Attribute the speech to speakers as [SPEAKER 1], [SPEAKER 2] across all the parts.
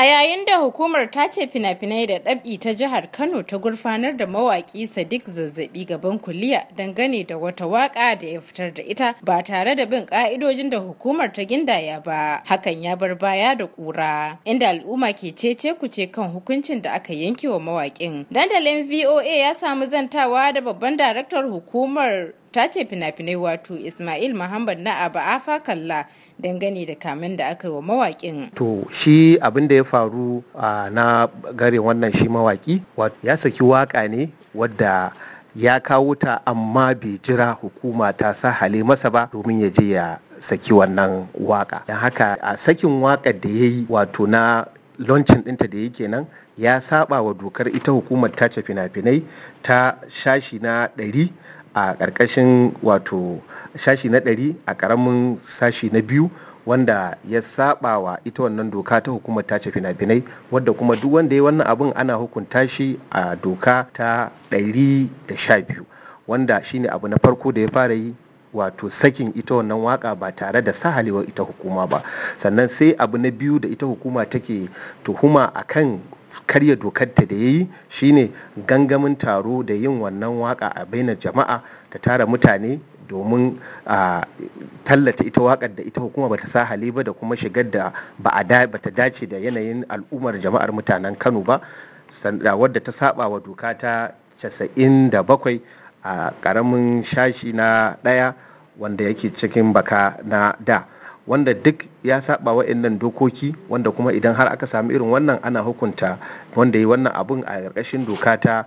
[SPEAKER 1] A yayin da hukumar ta ce fina-finai da ɗabi ta jihar Kano ta gurfanar da mawaƙi Sadiq zazzabi gaban kuliya dangane da wata waƙa da ya fitar da ita ba tare da bin ƙa'idojin da hukumar ta gindaya ba. Hakan ya bar baya da ƙura. Inda al'umma ke cece ce kan hukuncin da aka yanke wa mawaƙin. Dandalin VOA ya samu zantawa da babban daraktar hukumar ta ce fina-finai wato ismail muhammad na afa kalla dangane da kamin da aka yi wa mawaƙin
[SPEAKER 2] to shi abin da ya faru na gare wannan shi mawaki. ya saki waka ne wadda ya kawo ta amma bai jira hukuma ta sa hale masa ba domin ya je ya saki wannan waka don haka a sakin wakar da ya yi wato na launching dinta da yake nan ya saba wa dokar ita hukumar tace fina-finai ta shashi na ɗari a ƙarƙashin wato shashi na ɗari a ƙaramin sashi na biyu wanda ya saba wa ita wannan doka ta hukumar tace fina-finai wadda kuma duk wanda ya wannan abin ana hukunta shi a doka ta ɗari da sha biyu. wanda shine abu na farko da ya fara yi wato sakin ita wannan waka ba tare da sahalewar ita hukuma ba sannan sai abu na biyu da ita hukuma take tuhuma a kan. karya dokar ta da ya yi shine gangamin taro da yin wannan waka a bainar jama'a ta tara mutane domin a tallata ita wakar da ita hukuma bata sa hali ba da kuma shigar da ba a bata dace da yanayin al'ummar jama'ar mutanen Kano ba wadda ta saba wa doka ta casa'in 97 a karamin shashi na daya wanda yake cikin baka na da. wanda duk ya saba nan dokoki wanda kuma idan har aka samu irin wannan ana hukunta wanda yi wannan abun a ƙarƙashin doka ta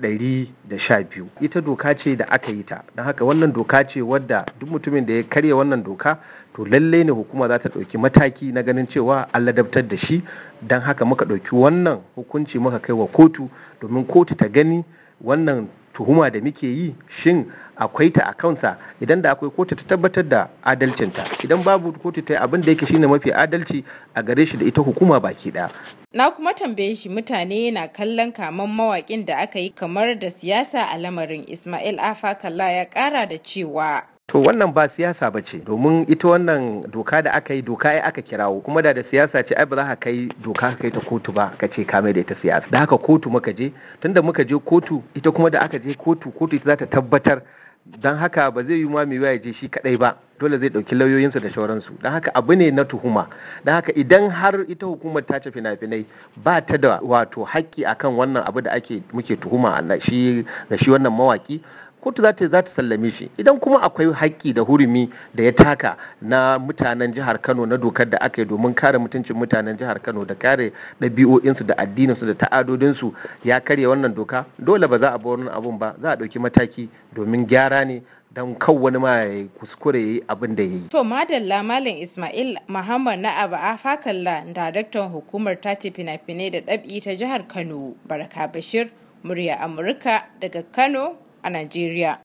[SPEAKER 2] 112 ita doka ce da aka yi ta don haka wannan doka ce wadda duk mutumin da ya karya wannan doka to lallai ne hukuma za ta ɗauki mataki na ganin cewa an ladabtar da shi don haka muka ɗauki wannan hukunci muka kai wa kotu domin kotu ta gani wannan tuhuma da muke yi shin akwai ta a kansa idan da akwai kotu ta tabbatar da adalcinta idan babu kotu ta abin da yake shine mafi adalci a gare shi da ita hukuma baki ɗaya.
[SPEAKER 1] na kuma tambaye shi mutane na kallon kaman mawaƙin da aka yi kamar da siyasa a lamarin ismail afa kalla ya ƙara da cewa
[SPEAKER 2] To wannan ba siyasa ba ce domin ita wannan doka da aka yi doka ya aka kirawo kuma da da siyasa ce ai ba za ka kai doka ka kai ta kotu ba ka ce ka mai da ita siyasa da haka kotu muka je tunda muka je kotu ita kuma da aka je kotu kotu ita za ta tabbatar don haka ba zai yi ma mai ya je shi kadai ba dole zai dauki lauyoyinsa da shauransu don haka abu ne na tuhuma don haka idan har ita hukumar ta ce fina-finai ba ta da wato haƙƙi akan wannan abu da ake muke tuhuma shi ga shi wannan mawaki kotu za ta sallame shi idan kuma akwai haƙƙi da hurumi da ya taka na mutanen jihar Kano na dokar da aka yi domin kare mutuncin mutanen jihar Kano da kare ɗabi'o'insu da addininsu da ta'adodinsu ya karya wannan doka dole ba za a bar wannan abun ba za a ɗauki mataki domin gyara ne don kau wani ma ya kuskure ya yi abin da ya yi.
[SPEAKER 1] To madalla Malam Ismail Muhammad na abu a Fakalla daraktan hukumar tace fina-finai da ɗab'i ta jihar Kano Baraka Bashir murya Amurka daga Kano and Nigeria.